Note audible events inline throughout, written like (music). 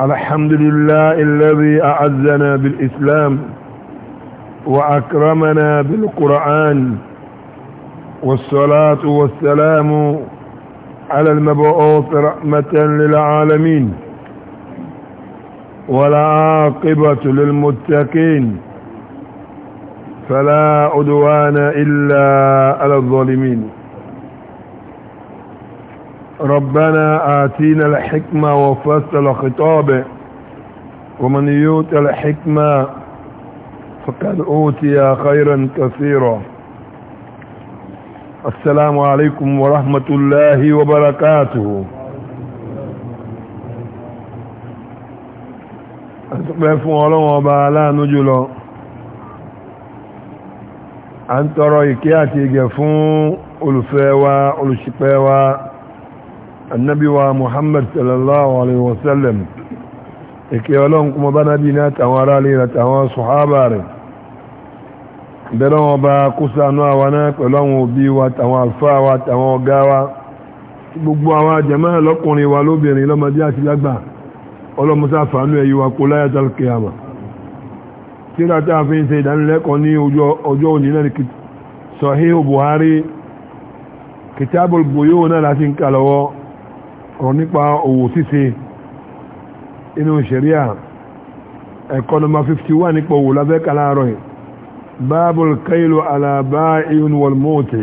الحمد لله الذي أعزنا بالإسلام وأكرمنا بالقرآن والصلاة والسلام على المبعوث رحمة للعالمين والعاقبة للمتقين فلا عدوان إلا على الظالمين ربنا آتينا الحكمة وفصل خطابه ومن يؤت الحكمة فقد أوتي خيرا كثيرا السلام عليكم ورحمة الله وبركاته أتقبل فوالله وبعلا نجلو أنت رأيكياتي جفون ألفوا ألشقوا annabi wa muhammad sallallahu alaihi wasallam ike ọlọ́run kuma bá nábi ní àtàwọn ará lè àtàwọn sọ̀hábà rẹ̀ bẹ̀rẹ̀ wọn bá kó sànú àwa náà pẹ̀lú àwọn òbí wa àtàwọn àlùfáà wa àtàwọn ọ̀gá wa gbogbo àwọn àjẹmọ́ lọ́kùnrin wa lóbìnrin lọ́mọdé àti lágbà ọlọ́mọsá fàánú ẹ̀yí wa kó láyé tàlùkì àmà tí látà fi ń ṣe ìdánilẹ́kọ̀ọ́ ní ọjọ́ òní náà Sahih Buhari Kitabul Buyun náà láti ń ọ̀rọ̀ nípa òwò ṣíṣe inú ṣẹ̀ríà ẹ̀kọ́ nọmba 51 nípa òwò lábẹ́ kaláàrọ̀ báàbù kailu alàbá ihun wọlmọ́ọ̀tì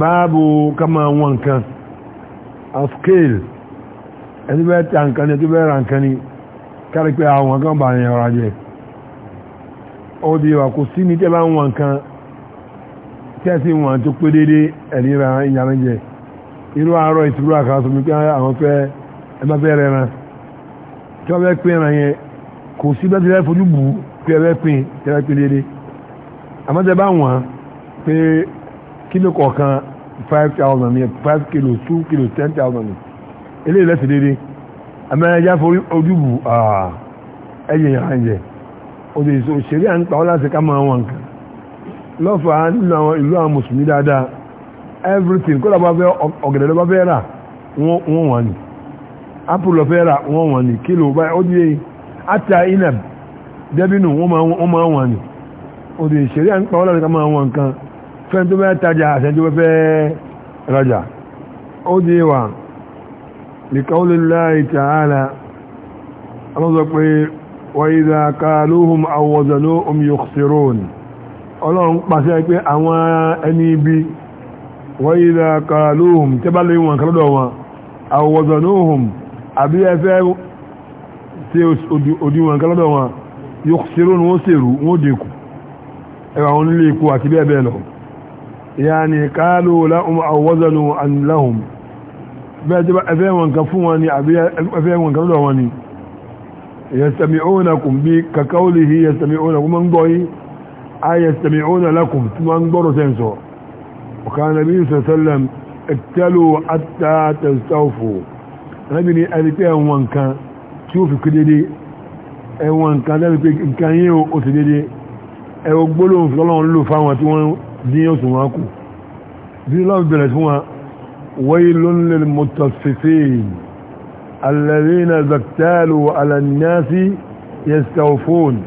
báàbù kama wọn kan a scale ẹni bẹ́ẹ̀ ta nǹkan ni ẹni bẹ́ẹ̀ ra nǹkan ni kárí pé àwọn kan bá yẹn ọ̀rọ̀ ó di wà kò sí ní tẹ́lá wọn kan tẹ́sí wọn tó pé déédéé ẹ̀ríra irú àárọ̀ ìtìrú àkàtọ̀ mi pé àwọn pẹ́ ẹ bá fẹ́ rẹ̀ ran tí wọ́n fẹ́ pín ẹran yẹn kò sí bẹ́ẹ̀ tí wọ́n fojú bù ú pé ẹ fẹ́ pín ẹ fẹ́ pín déédéé àmọ́ tẹ bá wọ̀n pé kílò kọ̀ọ̀kan five thousand ní five kilo two kilo ten thousand ní eléyìí lẹ́sìn déédéé àmọ́ ẹja forí ojú bù ẹ̀yìn ìhàn jẹ òṣèré à ń pa ọ́ láti ká máa wọn nǹkan lọ́fàá nínú àwọn ìlú àwọn mùsùlùmí dáadáa everything kó lọ́ba fẹ́ ọ̀gẹ̀dẹ̀ lọ́ba fẹ́ rà wọ́n wọ́n ni apple lọ́ fẹ́ rà wọ́n wọ́n ni kílò báyìí ó di ata inab dẹ́bínú wọ́n máa wọ́n ni ó di ìṣeré à ń pa wọ́n láti ká máa wọ́n nǹkan fẹ́ni tó fẹ́ tajà àṣẹjú fẹ́ rajà ó di wà likaulillahi ta'ala alọ́sọ pé wàíza kàlóhùn àwọ̀zànó omi yóò ṣe rọ́ọ̀nì ọlọ́run pàṣẹ pé àwọn ẹni bíi وإذا قالوهم تبالي wọn kàlọ́dọ̀ wọn أو وزنوهم àbí ẹfẹ́ tí òdí wọn kàlọ́dọ̀ wọn يخسرون wọ́n sèrú wọ́n dẹ̀kù ẹwà wọn nílé ikú àti bẹ́ẹ̀ bẹ́ẹ̀ lọ yàní قالوا لهم أو وزنوا لهم ẹfẹ́ wọn kan وكان النبي صلى الله عليه وسلم اتلوا حتى تستوفوا النبي ني الفي وان كان شوف كديدي اي وان كان ده بي كان يو او تديدي اي وغبولون فلون لو فاوان تي وان دي اوسون وان كو بلس وان ويل للمتصفين الذين زكتالوا على الناس يستوفون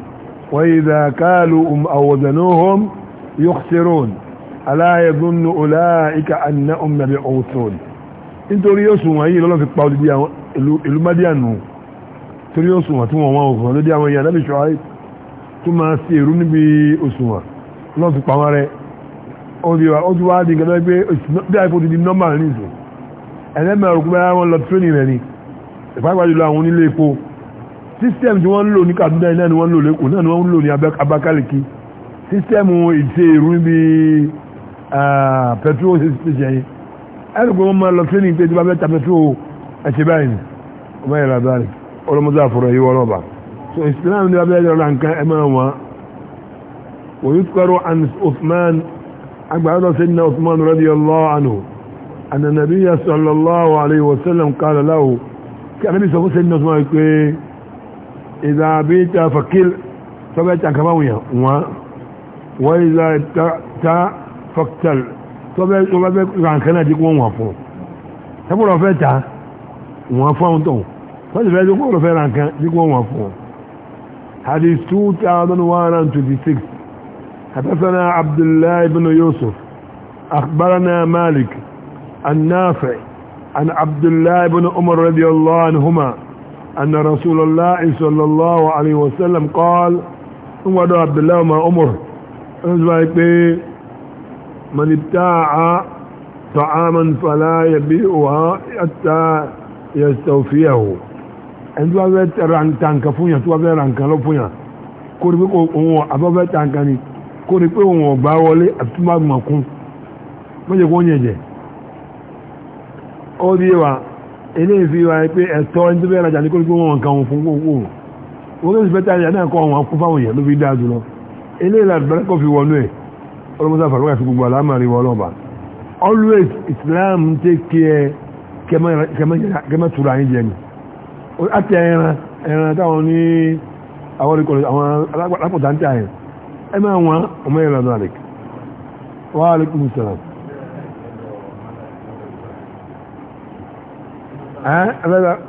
وإذا كالوا أو وزنوهم يخسرون ala yadhunnu ulaika annahum mab'uthun nítorí yóò sùn wọ́n yìí lọ́lọ́ fi pa olùdí àwọn ìlú mádíànù torí yóò sùn wọ́n tí wọ́n wọ́n òkùnrin lódí àwọn èèyàn lábì ṣọ́ọ́ tó máa sí èrú níbi òṣùwọ̀n lọ́n fi pa wọ́n di gẹ́gẹ́ pé bí àìfò ti di nọ́mbà ní ìsìn ẹ̀lẹ́mẹ̀ òkú bẹ́ẹ̀ wọ́n lọ tírénì rẹ̀ ni Abakaliki system ìṣe èrú níbi Ah, petrol station yìí ẹni kò máa lọ training pé tí bá fẹ́ ta petrol ẹ̀ṣẹ̀ báyìí ọmọ yẹn lọ́dọ̀ rẹ̀ ọlọ́mọdé àfọ̀rọ̀ yìí wọ́n ọba so islam ní abẹ́ ẹ̀rọ nǹkan ẹ̀ máa wọ́n wọ́n yóò kọ́rọ̀ an Uthman agbára lọ sí ní Uthman radiyallahu anhu anna nabiyya sallallahu alayhi wa sallam qala lahu kí anábì sọ fún sẹ́yìn Uthman pé idha bita fakil sọ́bẹ̀ tí a kàbáwò yẹn wọ́n wọ́n ta fọ́kítẹ́lì tó bá bẹ́ rànkẹ́ náà di kó wọ́n fún un tẹ́kọ̀ọ́ fẹ́ ta wọ́n fún àwọn tó wọ́n ti fẹ́ tó kọ́ di kó wọ́n fún un two thousand one hundred twenty six حدثنا عبد الله بن يوسف أخبرنا مالك النافع عن عبد الله بن عمر رضي الله عنهما أن رسول الله صلى الله عليه وسلم قال ودعا عبد الله ما عمر من ابتاع طعاما فلا يبيعها حتى يستوفيه ẹni tí wọ́n fẹ́ ràǹkà nǹkan fún yàn tí wọ́n fẹ́ ràǹkà lọ fún yàn kó rí pé òun àbáfẹ́ ta nǹkan ni kó rí pé òun ọ̀gbá wọlé àti má mọ̀ kún mọ́jẹ̀ kó yẹn jẹ́ ó bí wa eléyìí fi wa pé ẹ̀tọ́ ẹni tó fẹ́ rajà ní kó rí pé òun nǹkan fún gbogbo wọ́n tó sì fẹ́ ta ẹ̀yà náà kọ́ àwọn akúfáwòyàn ló fi dáa jùlọ eléyìí làbẹ́rẹ́kọ̀ fi wọnú ẹ̀ ọlọ́mọdé àfàlùwà sí gbogbo àlámàrí wọ ọlọ́ba always islam ń tẹ́ kí ẹ kẹmẹ́ tura yín jẹ ni àti ẹran ẹran táwọn ní àwọn ìkọlù àwọn alápọ̀tà ń tẹ́ àyẹ̀ ẹ máa wọn ọmọ ìrìn àdó àlèk wà á lèkùn ìsọ̀rọ̀ ẹ́ ẹ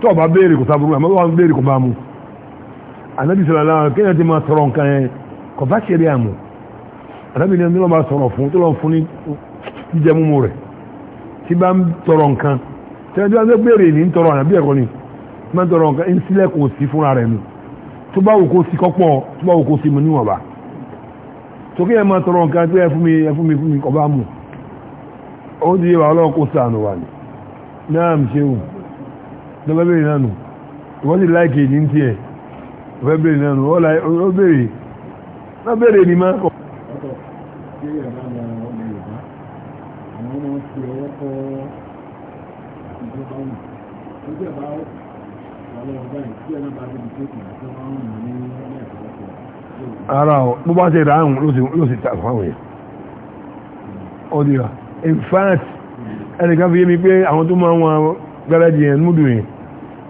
tó ọba béèrè kò sábúrú àmọ́ wọn béèrè kò bá mu ànábì sọ̀rọ̀ láwọn kí ẹ̀yàn ti máa sọ̀rọ̀ nǹkan yẹn kò bá ṣeré àmọ́ ànábì ní ọmọ sọ̀rọ̀ fún tó lọ fún ní jíjẹ múmu rẹ̀ tí bá ń tọrọ nǹkan tí wọ́n ti béèrè ní tọrọ ànábì ẹ̀kọ́ ni tí wọ́n tọrọ nǹkan ń sílẹ̀ kò sí fúnra rẹ̀ nu tó bá wù kó sí kọ́pọ̀ tó bá wù kó sí mu níwọ̀nba tókè ẹ̀ máa tọrọ nǹkan tó yẹ fún mi fún mi kò bá mu ó ti náà ṣe wù lọ́wọ́ bèèrè náà nù wọ́n ti láìkè ní ti ẹ̀ ọ̀fẹ́ bèèrè náà nù ó bèèrè náà bèèrè ní máa kọ̀. ara ọ̀ bó bá ṣe rà áhùn ló sì tà fáwọn yẹn ó dira in fact ẹnìkan fi yé mi pé àwọn tó máa ń wọn gárẹ́jì yẹn múdù yẹn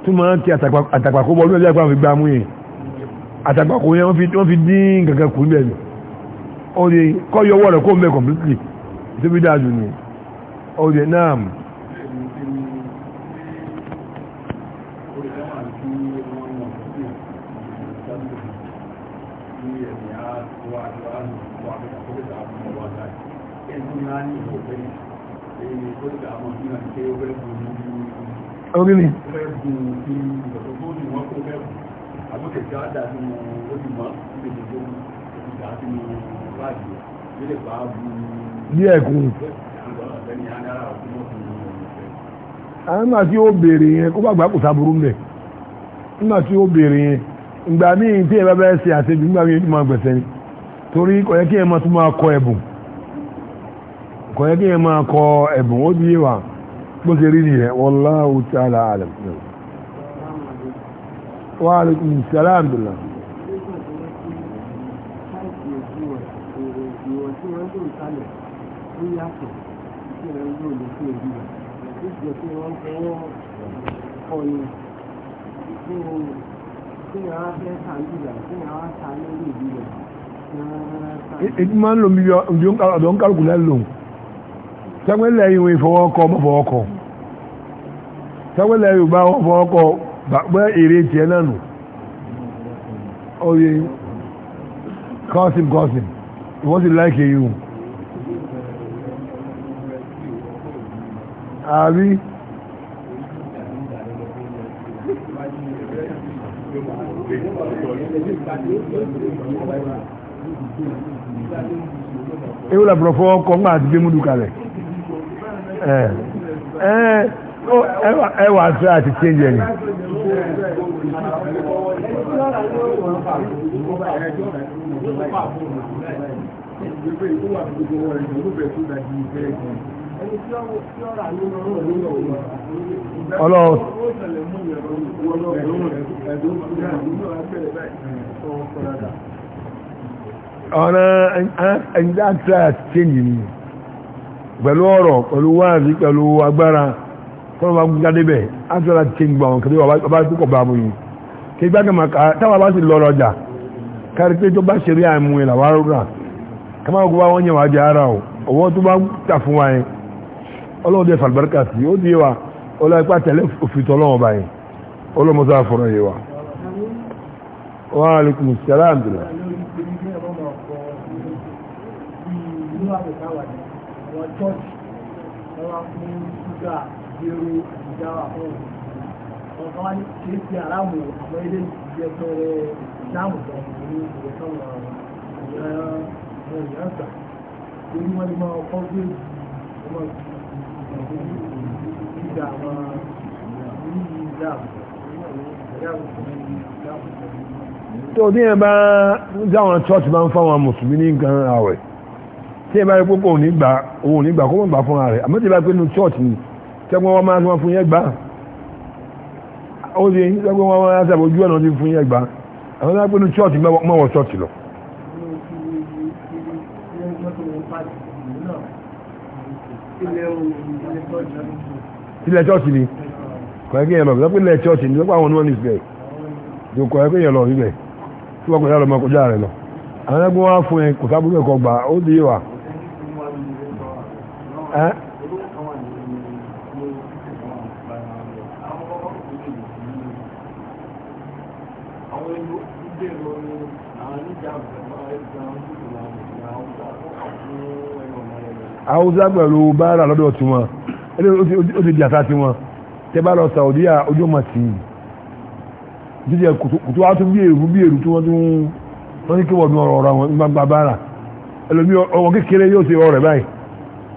tó máa ń ti àtàkpàkó bọ́ lórí ẹgbẹ́ àfi gbàmú yẹn àtàkpàkó yẹn wọ́n fi dín kankan kù níbẹ̀ lọ ó di kọ́ yọ ọwọ́ rẹ̀ kó ń bẹ̀ completely ìṣẹ́bí dáa jù ní ó di náà orí mi bí ẹ̀kùn àwọn náà tí ó bèèrè yẹn kó gbàgbà kò sáburú mẹ́ nígbà tí ó bèèrè yẹn ìgbà míì tí ẹ bá bẹ́ẹ̀ míì ó máa gbẹ̀sẹ̀ ni torí yẹ kí ẹ máa tún máa kọ ẹ̀bùn kò yẹ kí ẹ máa kọ ẹ̀bùn ó di wa bó ṣe rí nìyẹn wallahu ta'ala alam. wa alaikum salaam dùlá. Ìdí máa ń lo mílíọ̀nù ọ̀dọ́ ń kálukú lẹ́nu sẹ́gbẹ́lẹ̀ ìwé ìfọwọ́kọ́ mọ́fọwọ́kọ́ sẹ́gbẹ́lẹ̀ yorùbá wọ́n fọwọ́kọ́ gbẹ́ èrè tiẹ̀ náà nù oye kọ́sìm kọ́sìm ìwọ́n sì láìkè yìí àbí ewu la bọ̀rọ̀ fọwọ́kọ́ ńgbà àti gbé múdù kalẹ̀ ẹ wà sọ àti change ẹni. Ọlọ́run. Ọ̀nà ẹ̀yìn dá tíra àti change ni pẹ̀lú ọ̀rọ̀ pẹ̀lú wáàzí pẹ̀lú agbára tọ́lọ́wà jáde bẹ̀ ájọ́lá ti gbà wọn kìí ọba púpọ̀ bá mú yìí kí gbágbàmà táwà bá sì lọ́rọ̀ ọjà kárí pé tó bá ṣe rí àmú ìlà wá rúra kama ogun bá wọ́n yẹn wájú ara o owó tó bá tà fún wa yẹn ọlọ́run dẹ̀ fàlùbáríkà sí ó di wa ọlọ́run ipá tẹ̀lé òfin tọ́lọ́wọ́n bá yẹn ọlọ́mọdé àfọ̀rọ̀ yẹn wa. wa alaikum salaam àǹdùlá àwọn chọ́ọ̀tì wọ́n wá fún ṣúgà gbèrú ìjáwà fún òun wọn kọ́ wá ní kìí ṣe aráàmù àwọn ilé ìjẹ pẹrẹ ìdáàmù tó ń bọ̀ ní ìwé sọ́wọ́ ìran ìran gbà torí wọ́n ní máa kọ́ gbé ọmọ ìgbà àwọn ìdáàmù tó ní ẹ bá dáwọn church máa ń fáwọn mùsùlùmí ní nǹkan àwẹ̀ tí ẹ bá rí púpọ̀ òní gbà òun òní gbà kó mọ̀ gbà fúnra rẹ̀ àmọ́ tí ẹ bá pé nu church ni tẹ́gbọ́n wọn máa ń fún yẹn gbà ó di tẹ́gbọ́n wọn máa ń sàbójú ọ̀nà ti fún yẹn gbà àwọn tí wọ́n pé nu church mọ́ wọ church lọ. ilẹ̀ church ni kọ̀ọ̀kẹ́ yẹn lọ bí wọ́n pé ilẹ̀ church ni wọ́n pé àwọn onímọ̀ nísìlẹ̀ yóò kọ̀ọ̀kẹ́ yẹn lọ níbẹ̀ tí wọ́n pè é lọ́mọkọjá rẹ̀ lọ àwọn ẹgbẹ́ wọn fún ẹ kò sábúrú ẹ̀kọ́ gbà ó di wà. Haúsá pẹ̀lú báárà lọ́dọ̀ tí wọn ó ti di àṣà tí wọn tẹ bá lọ Saudiya ojú ọmọ tì í jíjẹ kùtù wá tún bí èrú bí èrú tí wọ́n tún wọ́n ní kí wọ́n bí ọ̀rọ̀ ọ̀rọ̀ àwọn gbàgbà báárà ẹlòmí ọwọ́ kékeré yóò ṣe ọ̀rẹ́ báyìí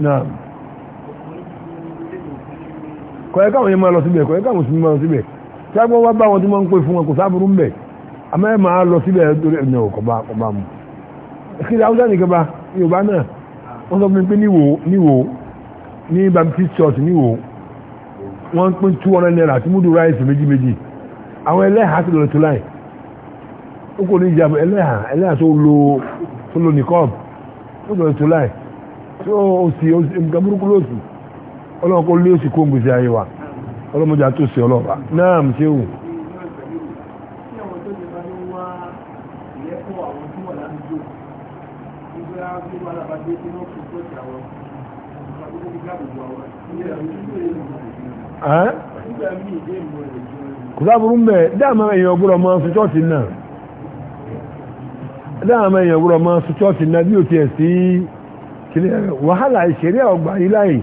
náà kọ̀ẹ́kà àwọn yẹn máa lọ síbẹ̀ kọ̀ẹ́kà àwọn mùsùlùmí máa lọ síbẹ̀ tí a gbọ́ wá bá wọn tí wọ́n ń pè fún wọn kò sáàbùrú ń bẹ̀ àmọ́ ẹ máa lọ síbẹ̀ lórí ẹ̀nà ọ̀kọ̀bá ọba mu kí ni haúsá nìkan bá yorùbá náà wọ́n sọ fún mi pé níwò níwò ní baptist church níwò wọ́n pín two hundred naira tí múdù ráìsì méjì méjì àwọn ẹlẹ́hàá ti lọ tó láì ó kò ní ìjà ẹlẹ́hàá ẹlẹ́hàá tó lo tó lo nìkọ́ọ̀bù ó lọ tó tí ó sì nǹkan burúkú lóòsì ọlọ́run kó lé òsì kó ń gbèsè ayé wa ọlọ́mọdé àtòsí ọlọ́ba náà ń ṣe wù. kò sáburú mbẹ dáàmà èèyàn gbúdọ̀ máa sùn chọ́ọ̀tì náà dáàmà èèyàn gbúdọ̀ máa sùn chọ́ọ̀tì náà bí ó tiẹ̀ sí kìlẹ̀ wàhálà ìṣeré ọgbà iláyìn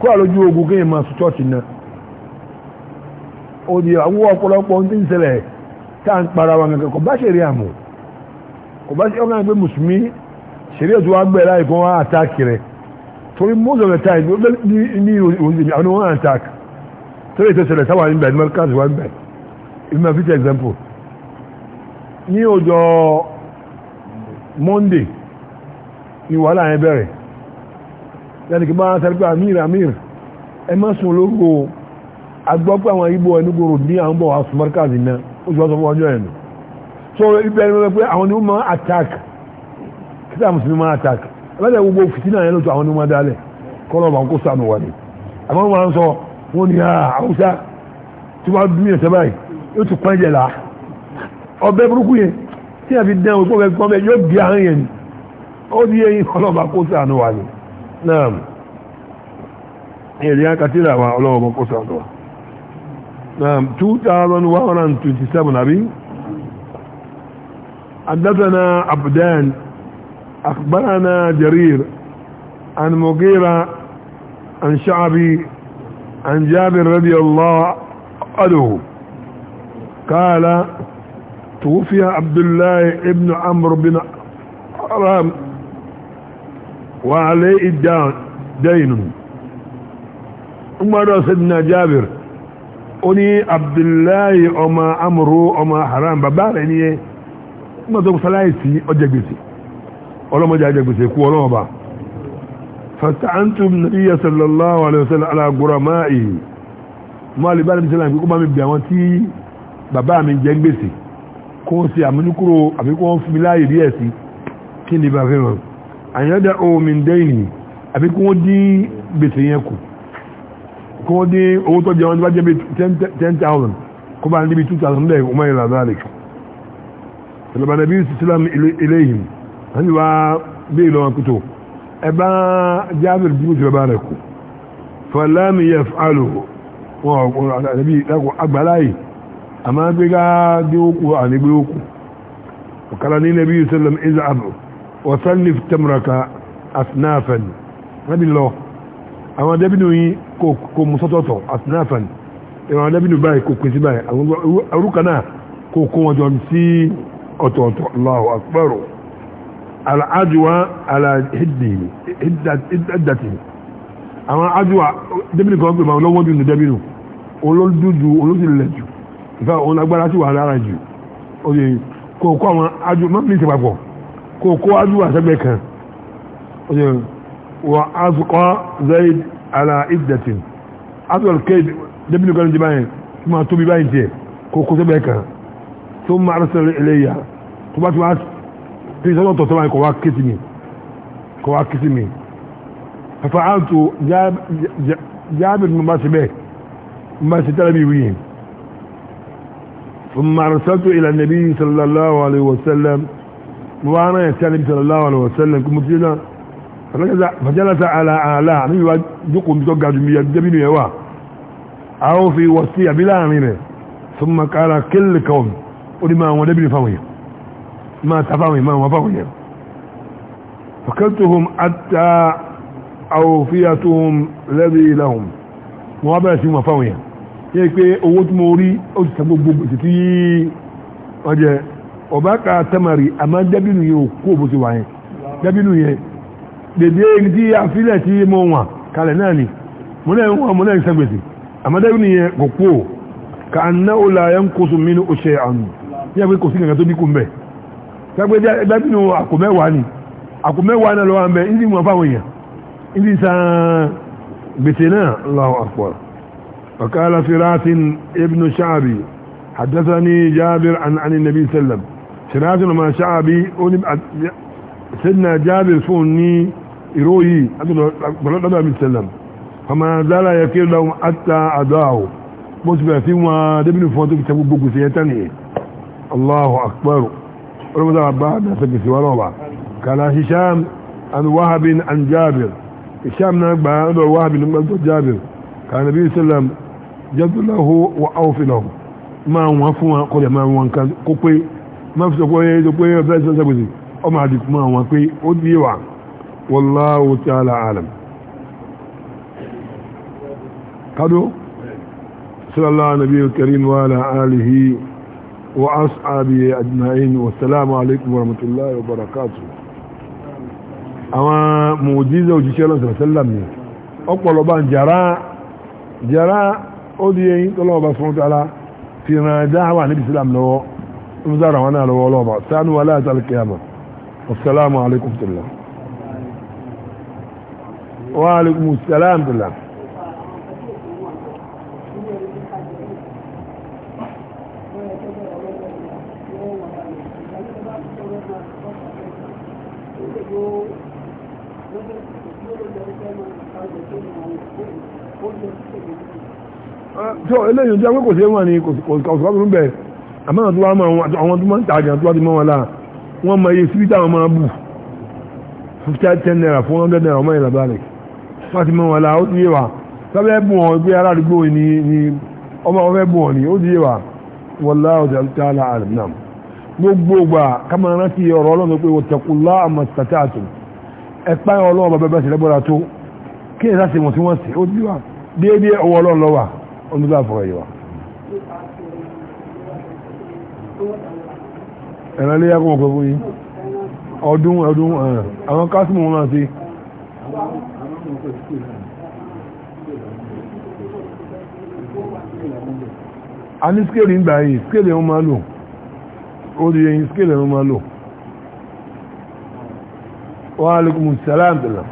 kó àlójú ogun kí n máa sùn chọ́ọ̀tì náà ó di àwọn ọ̀pọ̀lọpọ̀ ohun tí ń ṣẹlẹ̀ tá à ń para wa kankan kò bá ṣeré àmù kò bá ṣeré ọkàn pé mùsùlùmí ṣeré ètò wa gbẹ láì kan wá àtàkì rẹ torí most of the time ní ìròyìn àwọn wọn àtàk torí ètò ìṣẹ̀lẹ̀ sáwà níbẹ̀ ní mẹ́ríkàsì wà níbẹ̀ if my future example ní ọjọ́ Monday ni wàhálà yẹn bẹ̀rẹ̀ yàtì kí máa sáré pé amir amir ẹ má sùn lóko agbọ́ pé àwọn ibo ẹni gbòòrò ní àwọn bọ̀ wá sùmọ́ríkà sí náà ó sì wá ọjọ́ yẹn so ibẹ̀ ni wọ́n pé àwọn ni wọ́n máa attack kí sáà mùsùlùmí máa attack ẹlẹ́dẹ̀ gbogbo fìtínà yẹn lóto àwọn ni wọ́n dálẹ̀ kọ́lọ́ bá ń kó sànù wà ní àmọ́ wọn máa ń sọ wọn ni àwùsá ah, tí wọ́n bí mi ẹ̀sẹ̀ báyìí yóò ti pọ́n jẹ̀ là ọbẹ̀ burúkú yẹn tí a fi dán òkú ọbẹ̀ yóò bí àárín yẹn ó di eyín kọ́lọ́ kó sànù wà ní náà èdè akatira wa ọlọ́wọ́ bọ́ kọ́sọ̀ àdọ́wà náà 2127 àbí حدثنا عبدان أخبرنا جرير عن مغيرة عن شعبي عن جابر رضي الله عنه قال توفي عبد الله ابن عمرو بن حرام wa alayhi daynun umaru sayyidina jabir ó ní abdullahi ọmọ amuru ọmọ haram bàbá rẹ̀ ní ẹ́ mọ́tò sáláìsì ọjẹ́gbèsè ọlọ́mọdé ajẹ́gbèsè kú ọlọ́mọba fasta'antum nabiyya sallallahu alaihi wasallam ala gurama'i mọ́ alìbára mi sẹ́lá ìpínkú bá mi bẹ̀ àwọn tí bàbá mi jẹ́ gbèsè kó ń ṣe àmúnikúrò àbíkú wọn fún mi láàyè díẹ̀ sí kí ni bá fẹ́ràn àyẹ́dà omin dẹ́yìn àbí kí wọ́n dín gbèsè yẹn kù kí wọ́n dín owó tó jẹ wọn bá jẹ́ bí 10,000 kó bá níbi 2,000 lẹ́yìn ọmọ ìlà zalik ìlọ́bà nàbí islam iléyìn wọ́n ni wá bí ìlọ́ wọn kútó ẹbá jábìr bí ojú bàbá rẹ̀ kù fọlámi yẹ fàálù wọn ọ̀pọ̀ àgbàláyì àmá gbégá dé ókù ànígbé ókù ọ̀kàlá ní nàbí islam ìzà وصلف تمرك أصنافا نبي الله أما دبنو يي كو كو مسطوطو أصنافا أما دبنو باي كو كسي باي أروكنا كو كو جمسي أتوتو الله أكبر العجوة على هده هدته أما عجوة دبنو كو أكبر ما لو ودنو دبنو olóòlù dúdú olóòlù lẹ́jù ìfẹ́ òun agbára sí wà lára jù kò kọ́ àwọn ajú mọ́mí ti papọ̀ kò kó wájú wà sẹ́gbẹ̀ kan wà azukọ́ zaid ala iddatin azukọ́ kéèd débìnrin kan jẹ́ báyìí tí máa tóbi báyìí tiẹ̀ kò kó sẹ́gbẹ̀ kan tó máa arásẹ̀lẹ̀ eléyà tó bá ti wá tí sọ́nà tọ̀tọ̀ báyìí kò wá kìtì mi kò wá kìtì mi fàfà àtò jábìrì mo bá ṣe bẹ́ẹ̀ mo bá ṣe tẹ́lẹ̀ bí wíyìn ثم أرسلت إلى النبي صلى الله عليه وسلم وانا يتكلم صلى الله عليه وسلم كمسلم فجلس على اعلى من يقوم بتوقع جميع جبين يوا او في وصية بلا امينة ثم قال كل قوم ولما ودبن فوي ما تفاوي ما وفاوي فقلتهم حتى اوفيتهم الذي لهم موابعة وفاوي يعني كي اوت موري اوت تبقى بقى تتي وجه ọba ka tamari àmá dẹ́bìnú yẹn kó bó ti wà yẹn dẹ́bìnú yẹn dèdè ní tí àfilẹ̀ tí mo wà kalẹ̀ náà ni mo náà wà mo náà sẹ́gbẹ̀sì àmá dẹ́bìnú yẹn kò kó ka àná ó la yẹn kó sùn mínú oṣẹ àmì ní àgbẹ̀ kò sí kankan tó dínkù mbẹ̀ sẹ́gbẹ̀ dẹ́bìnú àkùmẹ́wàá ni àkùmẹ́wàá náà lọ́wọ́ mbẹ́ ní mo fáwọn èèyàn ní sàn gbèsè náà lọ́wọ́ àpọ̀ وقال فراس ابن شعبي حدثني جابر عن عن النبي صلى الله ṣìrájìnà ma ṣáàbí sẹ́dìnà jábìr fún ní ìróyí lọ́dọ̀ mi sẹ́lẹ̀m ọmọ zára yẹ kí lọ́wọ́ àtà àdáwò bó ti bẹ̀rẹ̀ sí wọn débìnrin fún ọdún tẹ́gbogbo gbèsè yẹ tánìyẹ allahu akbar ọlọ́mọdé àbá dàṣẹ́ gbèsè wà lọ́wọ́ kàlá hisham an wahabin an jábìr hisham náà gbà lọ́dọ̀ wahabin gbàgbọ́ jábìr kàlá bí sẹ́lẹ̀m jẹ́ tó lọ́wọ́ wà áwọ̀ fi lọ́wọ́ máa wọn fún wọn kọ́ ma fi sọ pé ọbẹ̀ sẹ́sẹ̀gbèsè ọmọ ọ mọ́ àwọn pé ó di wà alam kádó sallallahu wa karim wa ala alihi wa ashabi ajma'in wa salamu alaikum wa rahmatullahi wa barakatuh àwọn mùjíza òjíṣẹ́ lọ́sọ̀rọ̀ sẹ́lá mi ọ̀pọ̀lọpọ̀ jàrá jàrá ó di eyín tọ́lọ́wọ́ bá fi وزارة وانا لو ولو بعض ثاني ولا تلك القيامة والسلام عليكم ورحمة الله وعليكم السلام بالله tó eléyìí jẹ́ pé kò sí wọn ni kò sí ọ̀sán bẹ̀rẹ̀ àmọ́ àwọn tó wá máa àwọn tó máa ń tààgà tó wá ti mọ́ wọn láà wọ́n máa yẹ síbí táwọn máa bù fifty ten naira four hundred naira ọmọ ìlàbà rẹ̀ wọ́n ti mọ́ wọn láà ó ti yé wa sábẹ́ bù wọn pé ará àdúgbò ni ọmọ wọn fẹ́ bù wọn ni ó ti yé wa wallahu ta'ala alim nam gbogbo gbà kámá rántí ọ̀rọ̀ ọlọ́run pé wọ́n sì ó ti wà déédéé ẹ̀rọ ilé yàgò ọ̀gbọ̀n fún yín ọdún ọdún àwọn kásìmù wọn náà sí. a ní skéèlì ń gbà yìí skéèlì ẹ̀hún máa lò ó di yẹn skéèlì ẹ̀hún máa lò. wa alaikumus salam tẹ̀lẹ̀.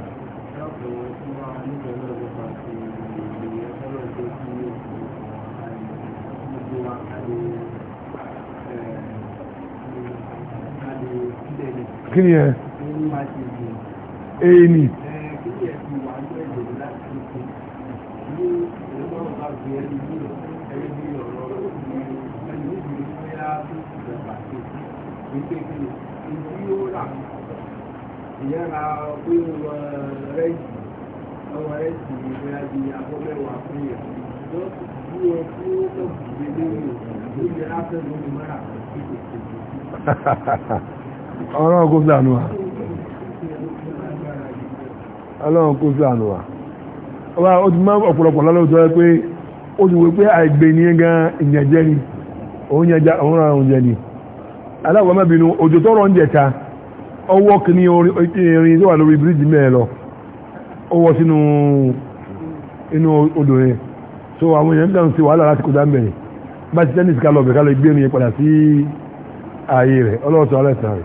kí yẹn lọ bí wọn fún ọ̀gbìn ọlọ́run kó sànù wa ọlọ́run kó sànù wa ọba ó ti máa ọ̀pọ̀lọpọ̀ lọ́lọ́run tó yẹ pé ó ti wé pé àìgbè ní gan ìyànjẹ́ ni òun yẹn oúnjẹ ni aláwọ̀ mẹ́bìnú òjò tọrọ ọwọ́ kìíní tó wà lórí bíríjì mẹ́ẹ̀ lọ ó sínú inú odò yẹn so àwọn èèyàn sí wàhálà láti kódà mẹ́rin bá ti tẹ́nìsì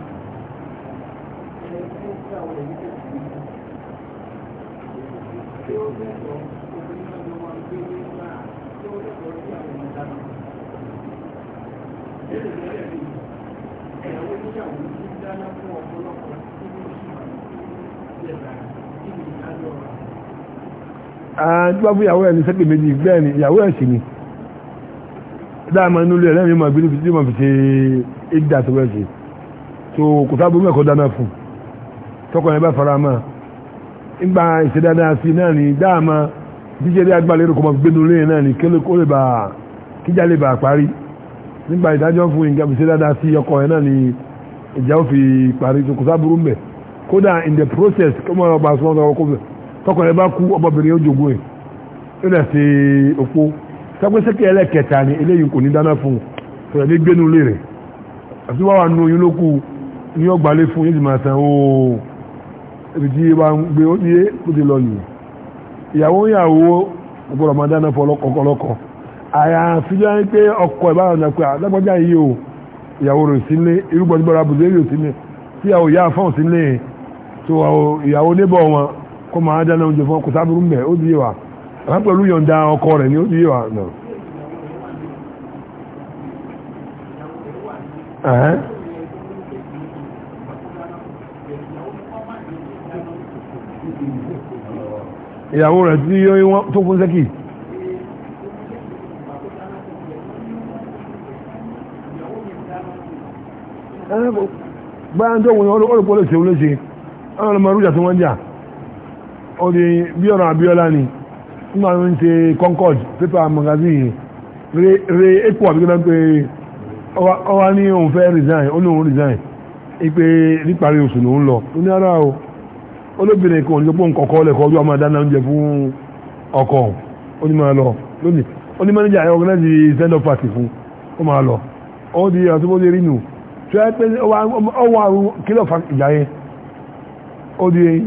ẹni tó bá fún ìyàwó ẹ̀ ní sẹ́kẹ̀ méjì bẹ́ẹ̀ ni ìyàwó ẹ̀ sì ni dáàmà inú ilé ẹlẹ́mìí máa bínú tí wọ́n fi ṣe ìdá tó bẹ́ẹ̀ ṣe tó kò sábà bómi ẹ̀kọ́ dáná fún tọkọ yẹn bá fara mọ́ ìgbà ìṣẹ̀dáná sí náà ni dáàmà jíjẹ́ bí agbálẹ̀ rẹ̀ kọ́ máa gbénu lé náà ni kélé kó lè bá kíjà lè bá parí nígbà ìdájọ́ fún ìgbà ìṣẹ̀dáná sí ọkọ yẹn náà ni ìjà ó fi parí tó kò sábà bómi kódà in the process kọ́mọ́ ọba sọ́wọ́n tọkọ yẹn bá kú ọbabìnrin ó jogún ẹ̀ ó lẹ̀ sí opó sẹ́gbẹ́sẹ́kẹ́ ẹlẹ́kẹta ni eléyìí kò ní dáná fún un ní gbénu lè rẹ̀ àti wọ́n wà nù oyún lókù ní ọgbàlé fún yéjì máa san ooo ibi tí wà ń gbé ó yé kó ti lọ nìyẹn ìyàwó ìyàwó ọgbọ́dọ̀ máa dáná fún ọlọ́kọ̀ọ́lọ́kọ̀ àyàfi jẹ́ pé ọkọ ìbára ọ̀nà pé àdágbọ́já yìí o ìyàwó rẹ̀ sílé irúgbọ́n tí bọ́ra bùdé yìí sílé tí máa dáná oúnjẹ fún ọkọ̀ sábúrú mẹ́ ó di wà ha pẹ̀lú yọ̀ǹda ọkọ rẹ̀ ni ó ti yíwa náà ìyàwó rẹ̀ tí yóò tó fún sẹ́kì báyá tó wọ́n olùpọ̀ lè ṣe olóṣe ọ̀nà ọmọ rújà tó wọ́n jà ó di bí ni nínú àwọn ń ṣe concord paper magazine re re epo àbíkẹ́lá pé ọwá ní òun fẹ́ resign ó ní òun resign ipe níparí oṣù lòun lọ ó ní ara o olóbìnrin kan òjò pé òun kọ̀kọ́ lẹ̀kọ́ ọjọ́ máa dáná oúnjẹ fún ọkọ̀ ó ní máa lọ lónìí ó ní manager ayé organize send up party fún ó máa lọ ó di àtúbọ̀dé rí nù tí wọ́n pẹ́ ọ wà àrùn kílọ̀ fa ìjà yẹn ó di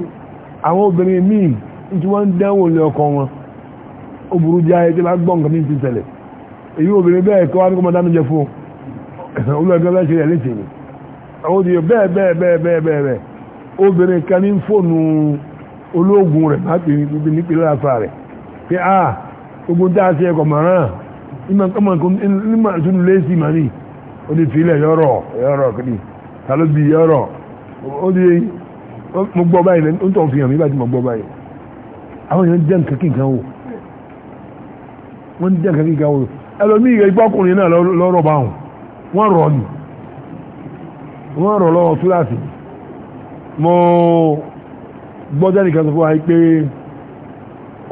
àwọn obìnrin míì tí wọ́n ń dánwò lé ọkọ wọn ó burú jáyé tí wọ́n gbọ́n kàmí ti tẹ̀lẹ̀ èyí obìnrin bẹ́ẹ̀ kọ́ wá ní kọ́mọ dánújẹ fún (laughs) olùgbẹ́ bẹ́ẹ̀ ṣe rẹ̀ léṣe ni àwọn òdìyẹ bẹ́ẹ̀ bẹ́ẹ̀ bẹ́ẹ̀ bẹ́ẹ̀ bẹ́ẹ̀ bẹ́ẹ̀ obìnrin kan ní fóònù olóògùn rẹ̀ láti nípínlẹ̀ afa rẹ̀ pé a ogun tá a ṣe ẹ̀kọ́ mọ̀ràn nígbà tó ń lé sí màní ó ti fìlẹ̀ yọ̀rọ̀ yọ̀rọ̀ kìíní tàló bi yọ̀rọ̀ ó mo gbọ́ báyìí ń tọ́ fi hàn mí bá ti mo gbọ́ báyìí àwọn èèyàn jẹ́ nǹkan kí nǹkan wò wọ́n ń dẹ́kẹ́ kíkà wọ́n ẹlòmíì rẹ̀ gbọ́kùnrin náà lọ́rọ̀ bá wọn wọ́n rọ̀ ni wọ́n rọ̀ lọ́wọ́ túláàsì mo gbọ́jẹ́ nìkan sọ fún wa pé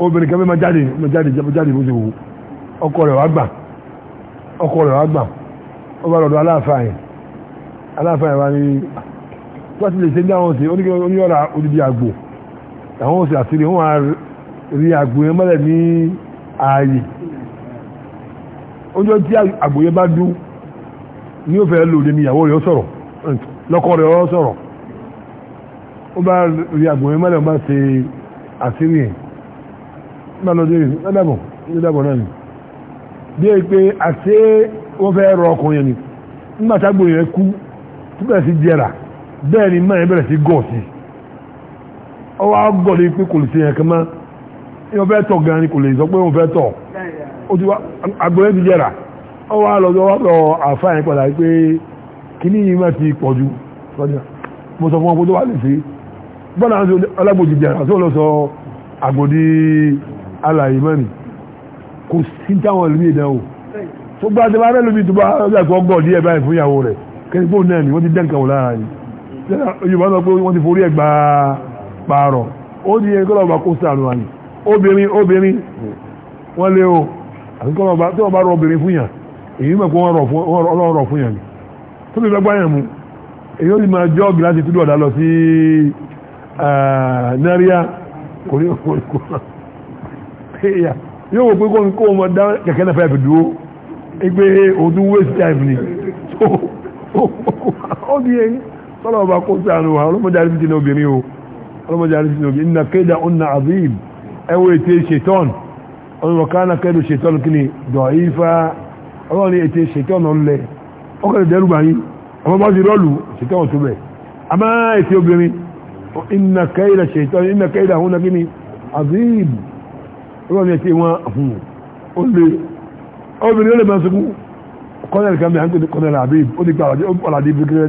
obìnrin kan mẹ́ma jáde mẹ́ma jáde jáde bó ti wù ọkọ rẹ̀ wá gbà ọkọ rẹ̀ wá gbà ó bá lọ́dọ̀ aláàfáà yẹn aláàfáà yẹn wá wọ́n ti lè ṣe ní àwọn ọ̀sẹ̀ oníyọ̀rà odidi àgbò àwọn ọ̀sẹ̀ àti rí wọn àgbò yẹn mọ́lẹ̀ ní ààyè ọjọ́ tí àgbòyẹ bá dún ní ó fẹ́ lòdì ní ìyàwó rẹ̀ sọ̀rọ̀ lọ́kọ rẹ̀ sọ̀rọ̀ ó bá rí àgbòyẹ mọ́lẹ̀ bá ṣe àṣírí ẹ̀ bá lọ́dún rẹ̀ lọ́dàbọ̀ lọ́dàbọ̀ náà ni bí i pé àṣé wọ́n fẹ́ rọ ọkùnrin ni nígbà tágbòyẹ kú tó bẹ̀rẹ̀ sí jẹrà bẹ́ẹ̀ ni mẹ́rin bẹ̀rẹ̀ sí gọ̀ sí ọwọ́ àgọ̀ ni pé kò lè ṣe yẹn kan mọ́ fẹ́ tọ̀ gan ni kò lè sọ pé òun fẹ́ tọ̀ agbóyẹ́ ti jẹ́ra ó wá lọ́dọ̀ àfáà yẹn padà pé kíní yìí má ti pọ̀ ju mo sọ fún ọkọ̀ tó wà lè ṣe bọ́nà àti alágbòjì jẹ́ra tó lọ sọ àgbòdì alàyè mẹ́rin kò sí táwọn ìlú ìdánwò tó gbá àti bàbá ẹlòmí tó bá ọgbà ọgbọ̀ díẹ̀ báyìí fún ìyàwó rẹ̀ kẹ́ni pé òun náà ni obìnrin obìnrin wọ́n lé o àti ọba rọ obìnrin fún yàn èyí mọ̀ pé wọ́n fún yàn ni tó lè lọ́gbà yàn mú èyí ó lè máa jọ́ gíláàsì tó dọ̀dá lọ sí náríà kò ní kò yóò wò pé kó kó ọmọ dá kẹ̀kẹ́ náà dúró pé ni o ọlọ́mọdé ọlọ́rọ̀ kánà kẹ́lù ṣètọ́nù kí ni dọ̀ífà ọlọ́rọ̀ ètè ṣètọ́nù ọlẹ́ ọkọ̀lẹ̀ dẹ́rùbà yín ọmọ bá ti rọ́ọ̀lù ṣètọ́nù tó bẹ̀ àmá ètè obìnrin iná kẹ́lẹ̀ ṣètọ́nù iná kẹ́lẹ̀ àwọn kí ni azim ọlọ́rọ̀ ètè wọn hùn ó lé obìnrin ó lè máa sunkún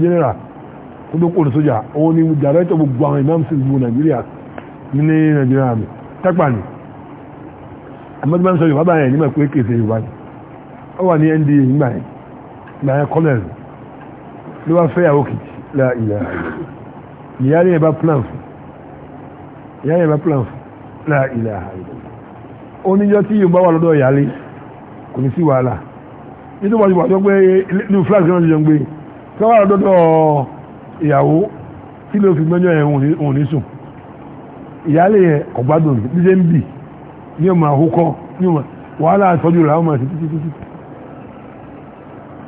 general tó tó kóòdù sójà òun ni dàrẹ́tọ̀ gbogbo àwọn ìmáàmù sí ìlú nàìjíríà ní nàìjíríà mi tápà ni àmọ́tí máa ń sọ yorùbá báyẹn nígbà pé kèsè ni ó wà ní nda nígbà yẹn nígbà yẹn kọ́lẹ̀lì ló wá fẹ́ kìtì la ìyá ìyá ni ẹ bá plan fún ìyá ni ẹ plan fún la ìlà ó níjọ́ tí yorùbá wà lọ́dọ̀ ìyálé kò ní sí wàhálà nítorí wàjú wàjú pé ní flag náà jẹun gbé tí wọ́n lọ́dọ̀ ìyàwó tí ló fi gbẹ́jọ́ yẹn òun ní sùn ìyálé yẹn kò gbádùn ní ọmọ àhúkọ́ ní ọmọ wàhálà àtọ́jú rẹ̀ àwọn àti títí títí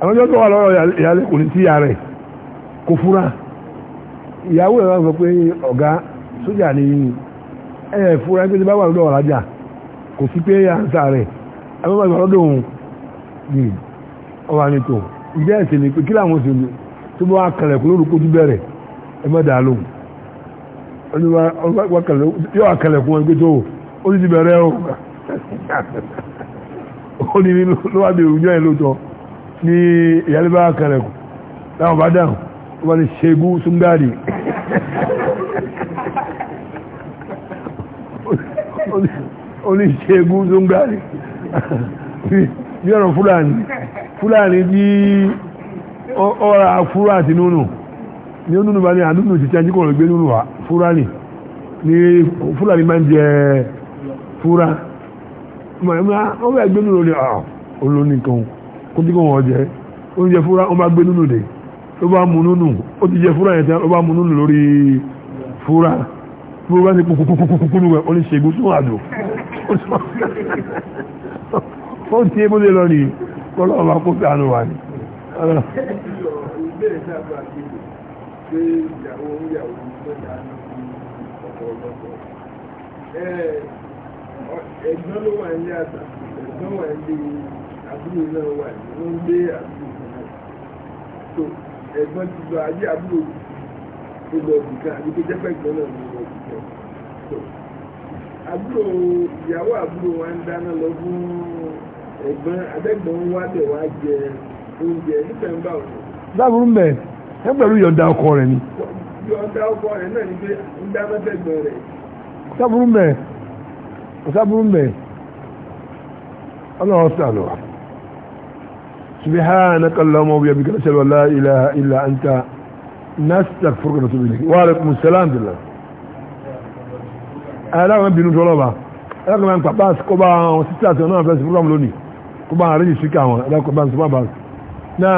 àwọn tó wà lọ́rọ̀ ìyálé kò ní sí ìyá rẹ̀ kò fúra ìyàwó ẹ̀rọ sọ pé ọ̀gá sójà ni ẹ̀ fúra ẹgbẹ́ tí bá wà lọ́dọ̀ ọ̀rajà kò sí pé àǹsà rẹ̀ ẹgbẹ́ bá lọ́dọ̀ òun ni ọba ni tó ìjẹ́ ẹ̀sìn ni pé kí làwọn sì ní tó bá wà kẹlẹ̀ kó lórúkọ tó bẹ̀rẹ̀ ẹ mọ́ dàá lóhùn yóò wà kẹlẹ̀ kó wọn gbé tó ó ti bẹ̀rẹ̀ o ó ní lọ́wọ́dé òjò ẹ̀ lóòtọ́ ní ìyálébá kẹrẹ̀kù láwọn bá dáhùn ó bá ní ṣegú súngáàdì ó ní ṣegú súngáàdì bí ọ̀rọ̀ fúlàní fúlàní bí ọ̀rọ̀ afúrú àti nínú ní ó nínú bá ní àdúnnù ti tẹ́jú kọ̀ọ̀rọ̀ gbé nínú wa fúlàní ní fúlàní máa ń jẹ́ fúra ó bẹ̀ gbé nínú rẹ olóní kan kó tí kò wọ́n jẹ oúnjẹ fúra ó bá gbé nínú rẹ ló bá mú nínú ó ti jẹ fúra yẹn tán ló bá mú nínú lórí fúra fúra bá ní kúkúkúkú nínú rẹ ó ní ó ti é múlé lọ ní kọ́lọ́ ọba kó fi àánú wa ni. ìyàwó ẹ̀gbọ́n ló wà nílé àtà ẹ̀gbọ́n wà nílé àbúrò náà wà wọ́n ń gbé àbúrò náà tó ẹ̀gbọ́n ti lọ ayé àbúrò tó lọ bìkan àbí tó jẹ́ pẹ̀gbọ́n náà ló lọ bìkan tó àbúrò ìyàwó àbúrò wa ń dáná lọ fún ẹ̀gbọ́n abẹ́gbọ́n wa bẹ̀ wá jẹ oúnjẹ nípa ń bá wọn. dábùrú mẹ ẹ pẹ̀lú yọ̀ǹda ọkọ rẹ̀ ni. yọ̀ǹda ọkọ rẹ̀ náà ni pé ń dáná وسابوا من بين الله تعالى سبحانك اللهم وبحمدك نشهد ان لا اله الا انت نستغفرك ونتوب اليك وعليكم السلام بالله اهلا wọn bínú tó lọ́ba ẹlẹ́kọ̀ọ́ máa ń pàpá kó bá àwọn sísá àti ọ̀nà àfẹ́sí fúlọ́mù lónìí kó bá àríyìn síkà wọn ẹlẹ́kọ̀ọ́ bá ń sọ bá bá náà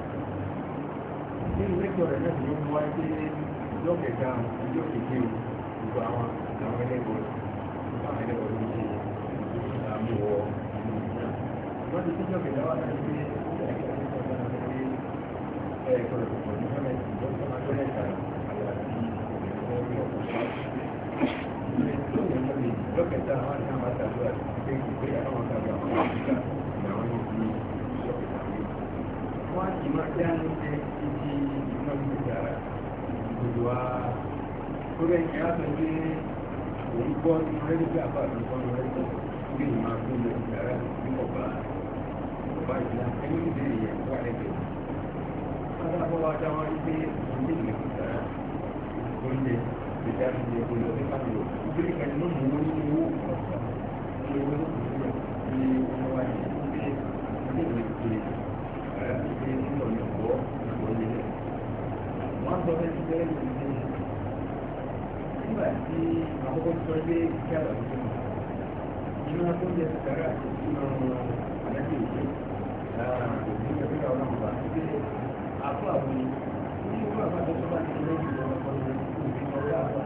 nínú lẹ́kọ̀ọ́ rẹ̀ náà ló mú wáyé pé ìjọ kẹta ìjọ kéde o gbogbo àwọn àwọn ẹlẹ́gbọ̀n àwọn ẹlẹ́gbọ̀n ló ṣe àmúwọ̀ wọ́n ti tíjọ́ kẹta wà láti pé ó bẹ̀rẹ̀ kí wọ́n ti sọ̀rọ̀ láti pé ẹ̀ẹ́dẹ̀kọ̀ rẹ̀ kọ̀ọ̀kan ní ọ̀nà ìjọ tó máa tọ́lẹ̀ kà àyàfi àti pé ìgbéyàwó àwọn torí ẹ̀yìn ẹ̀yà tó ń gbé òun gbọ́ ní rẹ́díkì àbáàdì gbọ́ ní rẹ́díkì bí ìmọ̀ àgbọ̀n lọ yàrá ní ọ̀bà ọ̀bà ìlà ẹni ní ìdí ìyẹn wà lẹ́gbẹ̀ẹ́. Sábà bọ́ wa dáwọ́ ní pé òun ní ìlú sára oúnjẹ ìdá ìdí ẹ̀kọ́ lọ sí pàtó ìdílé kan ló mú owó ní owó ọ̀sán ní owó tó kù sílẹ̀ ní ọmọ wa ní ìdílé ní ìlú ìdílé àrà ìdílé ní ọ̀nà ọ̀gbọ́ ìgbọ̀nyẹ̀lẹ̀. Wọ́n sọ fẹ́ nígbà tí àkókò sọ pé kí àwọn ọ̀dọ́ iná tó ń jẹ sàkárà àti iná àdájọ́ ìwé òfin ẹgbẹ́ ọ̀rọ̀ àgbà pé àpò àwọn ni ní ìlú àgbà tó tó bá ti lé ìlú ọkọ̀ ní òfin ọ̀rọ̀ àgbà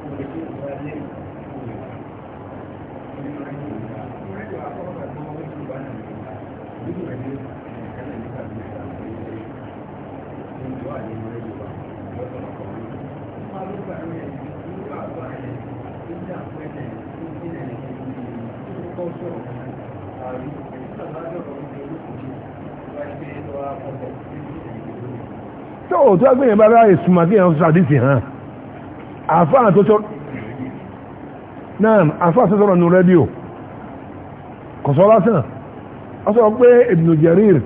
kò lè fi ìwà lé ìwé nínú ayé ìwà ìrẹ́jọ àkọ́kọ́ àti ọmọ méjì wà nínú ìwà nínú ẹ̀dẹ́ ẹ̀ẹ́dẹ́ nípa ìgbésà ìwé ìjọ àlè ìrẹ́jọ wa lọ́sọ̀rọ̀ kọ̀ọ̀kan tó o tó ẹgbẹ́ yẹn bá ráyè súnmọ́ kí èèyàn sàdísì hàn àfáà tó sọ́rọ̀ náà àfáà tó sọ́rọ̀ nù rédíò kò sọ lásán a sọ pé Ibn Jarir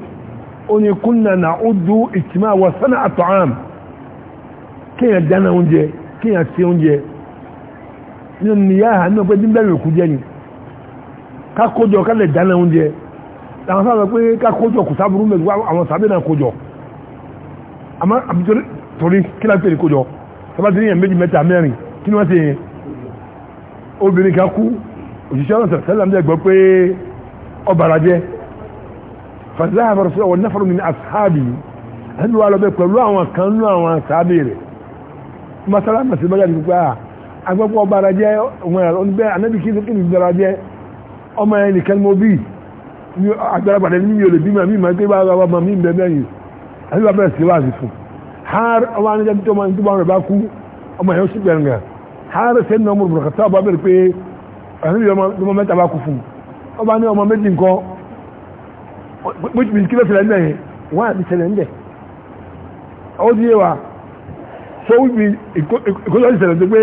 ó ní kúnnà na ó dú ìtìmá sánà àtọ̀ àm kí èèyàn dáná oúnjẹ kí èèyàn sí oúnjẹ nínú níyà hà nínú pé òkú jẹ́ ni kákójọ ká lè dáná oúnjẹ àwọn sábà pé kákójọ kò sábúrú mẹ́rin wá àwọn sábẹ́ náà kójọ àmọ́ àbíjọ torí kí láti pèrè kójọ sábà ti níyàn méjì mẹ́ta mẹ́rin kí ni wọ́n ti obìnrin kan kú òṣìṣẹ́ ọ̀sẹ̀ sẹ́lẹ̀ ń gbọ́ pé ọbàrà jẹ́ فذهب رسول الله والنفر من أصحابه هل وعلى بيك قالوا عن كانوا عن سابيره مثلا مثل ما agbẹ́pọ̀ ọba ara jẹ́ ọmọ ẹ̀rọ oníbẹ́ anábì kí ní ìgbà ara jẹ́ ọmọ ẹ̀rọ nìkan mọ́ bí agbẹ́rẹ́pàdé ní mi ò lè bí mi máa gbé bára wa mi bẹ́ẹ̀ bẹ́ẹ̀ yìí àbí bàbá ẹ̀sìn wà sí fún har ọba anájẹ́ tó máa ń tó bá rẹ̀ bá kú ọmọ ẹ̀rọ sì bẹ̀rẹ̀ nga har sẹ́ni ọmọ rẹ̀ kàtà ọba bẹ̀rẹ̀ pé anábì ọmọ mẹ́ta bá kú fún ọba ní ọmọ méjì nǹkan méjì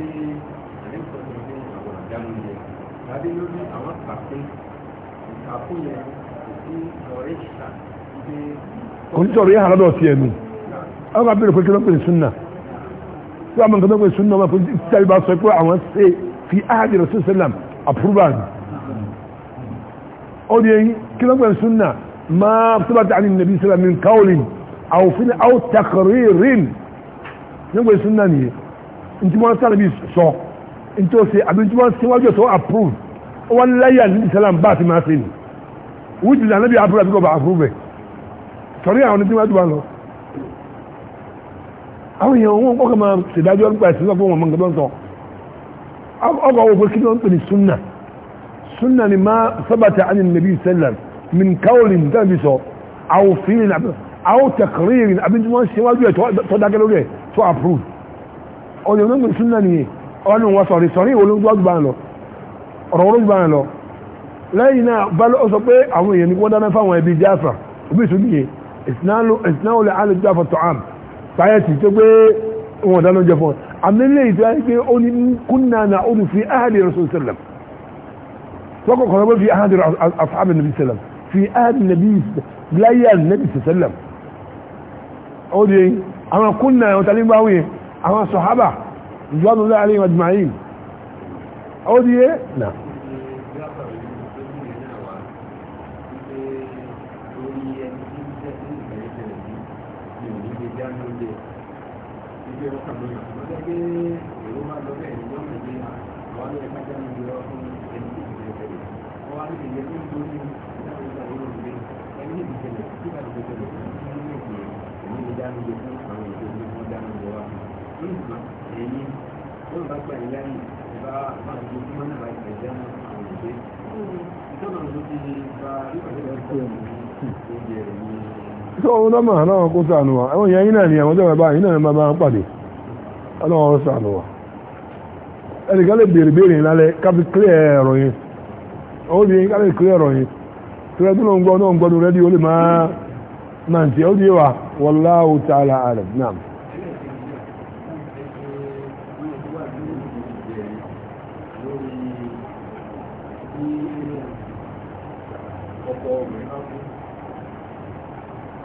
pé àlẹ́sọ̀tò ní àwọn àdánù yẹn tàbí lórí àwọn kàkún ìkàkún yẹn kò sí ọ̀rẹ́ ìṣà ibi. oníṣòro yẹn àrọ́dọ̀ sí ẹnu àwọn bá bèrè pé kí ló pè ní súnà tí àwọn nǹkan tó pè ní súnà wọn pé títàbí bá sọ pé àwọn ṣe fi áàdì rẹ̀ sí sẹ́lẹ̀m àpúrúbà ó di eyín kí ló pè máa tó bá ti nàbí sẹ́lẹ̀m min qawlin aw fi'lin aw taqririn nìyẹn ntí wọ́n sáré bí sọ ntí ó ṣe àbí ntí wọ́n síwájú ọ̀tọ̀ approve ó wá láyà Salam ìsàlám bá àti máa ṣe ni wíjì lànà bí approve àbí kò bá approve ẹ̀ sọ̀rí àwọn tí wọ́n ti wá lọ. àwọn èèyàn wọn kọ́kọ́ máa ṣèdájọ́ nípa ẹ̀sìn náà fún wọn mọ̀ngàn sọ ọkọ̀ wò pé kí wọ́n pè ní sunna sunna ni ma sábàtà àni nàbí sallam min kawlin tàbí sọ àwòfin àwòtẹ̀kẹ̀rẹ̀ àbí tí wọ́n ṣe wájú ẹ̀ tó dákẹ́ lórí ẹ̀ tó approve ọ̀nà olóńgbò súnà nìyẹn ọ̀nà wọn sọ̀rí sọ̀rí olóńgbò ọ̀gbà lọ ọ̀rọ̀ olóńgbò lọ lẹ́yìn náà balo sọ pé àwọn èèyàn ní wọ́n dáná fáwọn ẹbí jáfà òbí ìṣú nìyẹn ìsìnáwó lè alẹ́ jáfà tó àm táyà tì tó pé wọn dáná jẹ fún ọ àmì lè tó yẹ pé ó ní kúnnà náà ó ní fi áhàdì rasul sallam tọkọ kọ̀ọ̀rọ̀ bó fi áhàdì ashabi nabi sallam fi áhàdì nabi láyé nabi sallam ó di àwọn kúnnà ọ̀tàlẹ́gbàwé اما الصحابه يجوانوا الله عليهم اجمعين او إيه؟ نعم sọ́mà náà kó sànù wa àwọn èèyàn yínà ni àwọn jọba báyìí yínà ni bàbá pàdé ọlọ́wọ́ sànù ẹnìkan lè bèèrè bèèrè lálẹ́ káfí clear ẹ̀rọ yẹn ó di káfí clear ẹ̀rọ yẹn tẹ́lẹ̀ tó náà ń gbọ́ náà ń gbọ́dún rẹ́díò lè máa nàǹtí ó di wa wallahu ta'ala alam naam.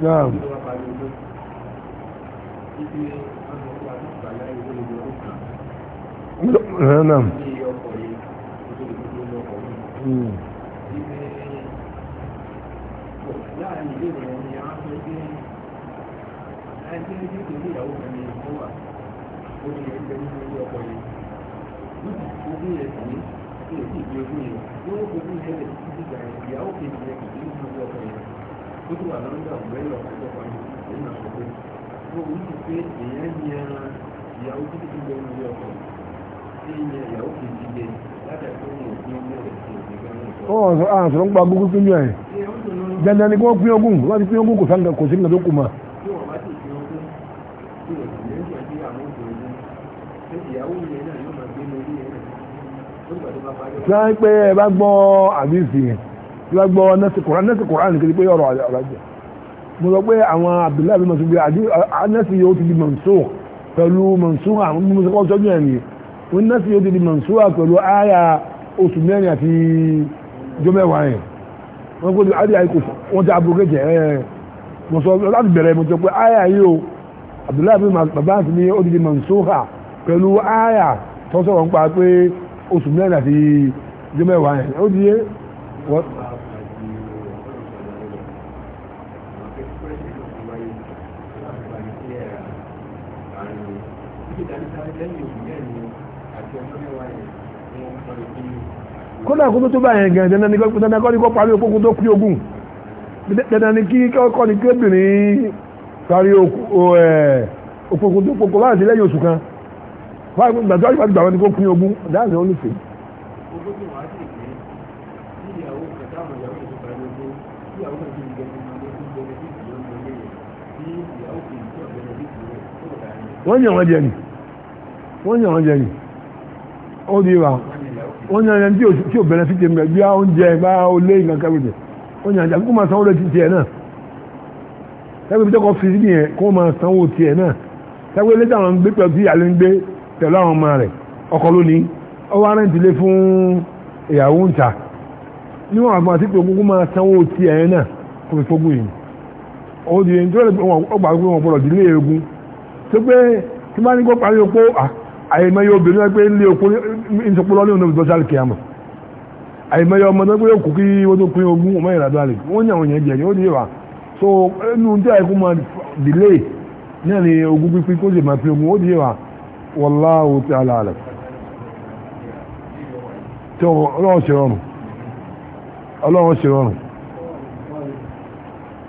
نعم نعم Ìyàwó kejì rẹ̀ kìí ní ọjọ́ ọkọ̀ yẹn ó ti wà lọ́dọ̀ àbúrẹ́lẹ̀ ọ̀pọ̀ pàmì èyí náà sọ pé ó ń sọ pé èèyàn ní ẹran ìyàwó tó ti gbẹ ní ọkọ̀ tí ìyẹn ìyàwó kì í jẹ látàkùn òfin ọmọ rẹ̀ sí òfin gbẹ́rẹ́. ó sọ àǹsọ̀rọ̀ ń pa gbogbo pínlú ẹ̀ dandan ni kí wọ́n pín ogún wọ́n pín ogún kò sáǹgà kò sí ìgbàdókù mà. sáà ń pé ẹ bá gbọ́ àdìsí yẹn tí wọ́n gbọ́ nẹ́sì kùrán nẹ́sì kùrán nìkan pé ọ̀rọ̀ àjẹ́ mo sọ pé àwọn abdullahi bin masu pé nẹ́sì yóò ti di mansour pẹ̀lú mansour àwọn mo sọ pé ọjọ́ yẹn ni wọ́n nẹ́sì yóò ti di mansour pẹ̀lú àyà oṣù mẹ́rin àti jọmẹ́wàá yẹn wọ́n kó adé àyíkò wọ́n ti abrogate ẹ̀ mo sọ láti bẹ̀rẹ̀ mo sọ pé àyà yìí abdullahi bin masu ni kódà kó tó tó báyẹn gan dandan ní dandan ni kó tó ogun dandan kí kọ́ ni kí obìnrin parí okun tó pokò láti lẹ́yìn oṣù kan gbàtọ́ ni kó ogun wọ́n yàn wọ́n ni wọ́n yàn wọ́n ni ó di wa wọ́n yàn yàn tí ò bẹ̀rẹ̀ sí tèmi bí oúnjẹ bá ó lé nǹkan kábíyèsí wọ́n yàn jàpé kó máa sanwó lé ti tiẹ̀ náà tábìlì tó kọ́ fi sí nìyẹn kó máa sanwó tiẹ̀ náà tábìlì lẹ́tà àwọn gbé pẹ̀lú ìyàlẹ́ ń gbé pẹ̀lú àwọn ọmọ rẹ̀ ọkọ lónìí ọwọ́ arẹ́ ti lé fún ìyàwó ń ta níwọ̀n àfọwọ́ àti pé kó máa sanwó tiẹ̀ náà kó fi fógun yìí ó di àyèmẹ́yẹ obìnrin wọ́n pé ilé òkú ìṣọpọlọ́ ní ọ̀nà ìdọ́sálì kìámọ̀ àyèmẹ́yẹ ọmọdé pé òkú kí wọ́n tó pín ogún ọmọ ìrìnàjò àlè wọ́n ní àwọn èèyàn jẹ̀ ní ó ní wà so inú tí àìkú máa dìlé náà ni ogún pínpín kó sì máa pín ogún ó ní wà wallahu ta'ala alam tí ọlọ́run ṣe rọrùn ọlọ́run ṣe rọrùn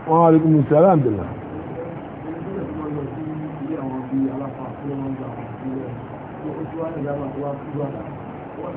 wọn á rí kúmù aláǹdìlá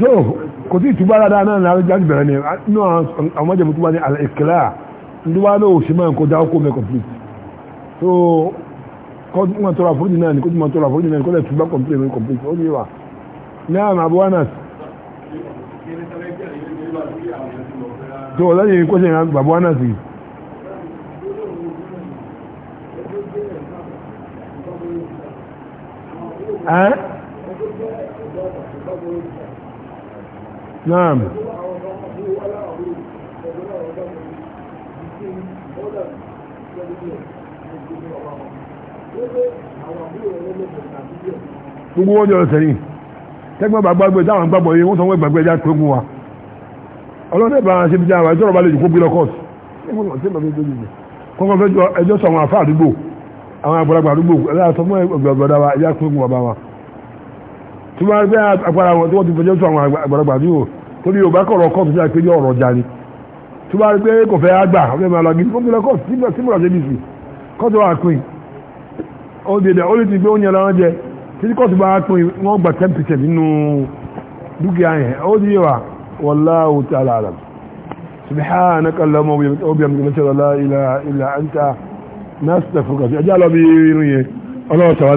so kò tí ìtúbá dáadáa náà lára jáde bẹ̀rẹ̀ ni inú àwọn májèmú tó wá ní àlẹ́kẹ́lá ndúwá náà ò sí máa ń kọjá ókó mẹ́ complete so kọ́ tí wọ́n tọrọ àforíjì náà ni kó tí wọ́n tọrọ àforíjì náà ni kó lẹ̀ túbá complete mẹ́ complete ó ní wà náà mà bọ́ náà tó lẹ́yìn kó ṣe ìran bàbá náà sí ẹ́ náà gbogbo wọ́n jọ sẹ́yìn tẹ́gbọ́n bá gbàgbé táwọn gbàgbọ́ yìí wọ́n sanwó ìgbàgbé ẹja tó gún wa ọlọ́dẹ bá ṣe fi jáwà ẹjọ́ ọ̀bá lè jù kó gbé lọ tó máa gbé agbára wọn tí wọ́n ti fẹjọ́ tó àwọn àgbàlagbà tí yóò torí yóò bá kọ̀rọ̀ kọ́ọ̀tù sí àpéjọ ọ̀rọ̀ ọjà ni tó bá rí pé kò fẹ́ àgbà ọ̀fẹ́ máa lọ gidi fún kọ́ọ̀tù síbẹ̀ síbẹ̀ ọ̀sẹ̀ bìsì kọ́ọ̀tù wà pin ó di ẹ̀dẹ̀ ó lè ti gbé oúnjẹ lọ́wọ́ jẹ títí kọ́ọ̀tù bá pin wọ́n gba ten percent nínú dúkìá yẹn ó di wa wallahu ta'ala alam subhanaka allahumma wa bihamdika la